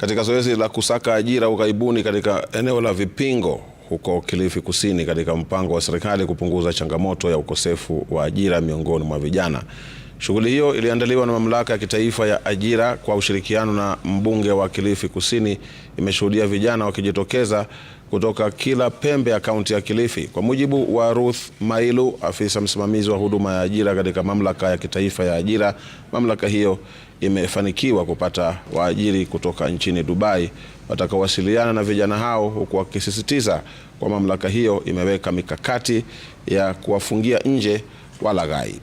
katika zoezi la kusaka ajira ughaibuni katika eneo la Vipingo huko Kilifi Kusini katika mpango wa serikali kupunguza changamoto ya ukosefu wa ajira miongoni mwa vijana. Shughuli hiyo iliandaliwa na Mamlaka ya Kitaifa ya Ajira kwa ushirikiano na mbunge wa Kilifi Kusini, imeshuhudia vijana wakijitokeza kutoka kila pembe ya kaunti ya Kilifi. Kwa mujibu wa Ruth Mailu, afisa msimamizi wa huduma ya ajira katika Mamlaka ya Kitaifa ya Ajira, mamlaka hiyo imefanikiwa kupata waajiri kutoka nchini Dubai watakaowasiliana na vijana hao, huku wakisisitiza kwa mamlaka hiyo imeweka mikakati ya kuwafungia nje walaghai.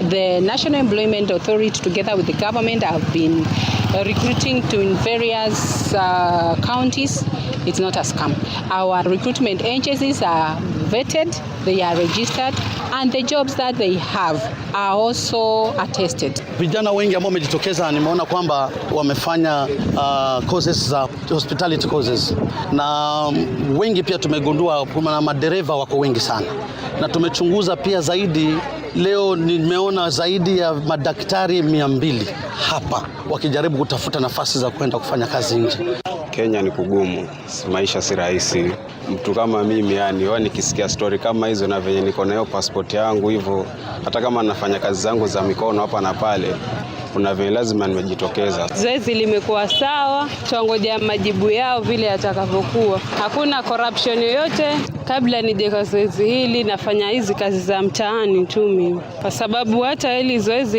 The National Employment Authority together with the government have been uh, recruiting to in various uh, counties. It's not a scam. Our recruitment agencies are vetted, they are registered and the jobs that they have are also attested. Vijana wengi ambao wamejitokeza nimeona kwamba wamefanya uh, courses za hospitality courses, na um, wengi pia tumegundua kuna madereva wako wengi sana, na tumechunguza pia zaidi Leo nimeona zaidi ya madaktari mia mbili hapa wakijaribu kutafuta nafasi za kwenda kufanya kazi nje. Kenya ni kugumu, maisha si rahisi. Mtu kama mimi yani, wa nikisikia stori kama hizo na venye niko nayo paspoti yangu hivyo, hata kama nafanya kazi zangu za mikono hapa na pale kuna vile lazima nimejitokeza. Zoezi limekuwa sawa, tuangoja majibu yao vile yatakavyokuwa. Hakuna corruption yoyote. Kabla nijeka zoezi hili, nafanya hizi kazi za mtaani tu mimi, kwa sababu hata hili zoezi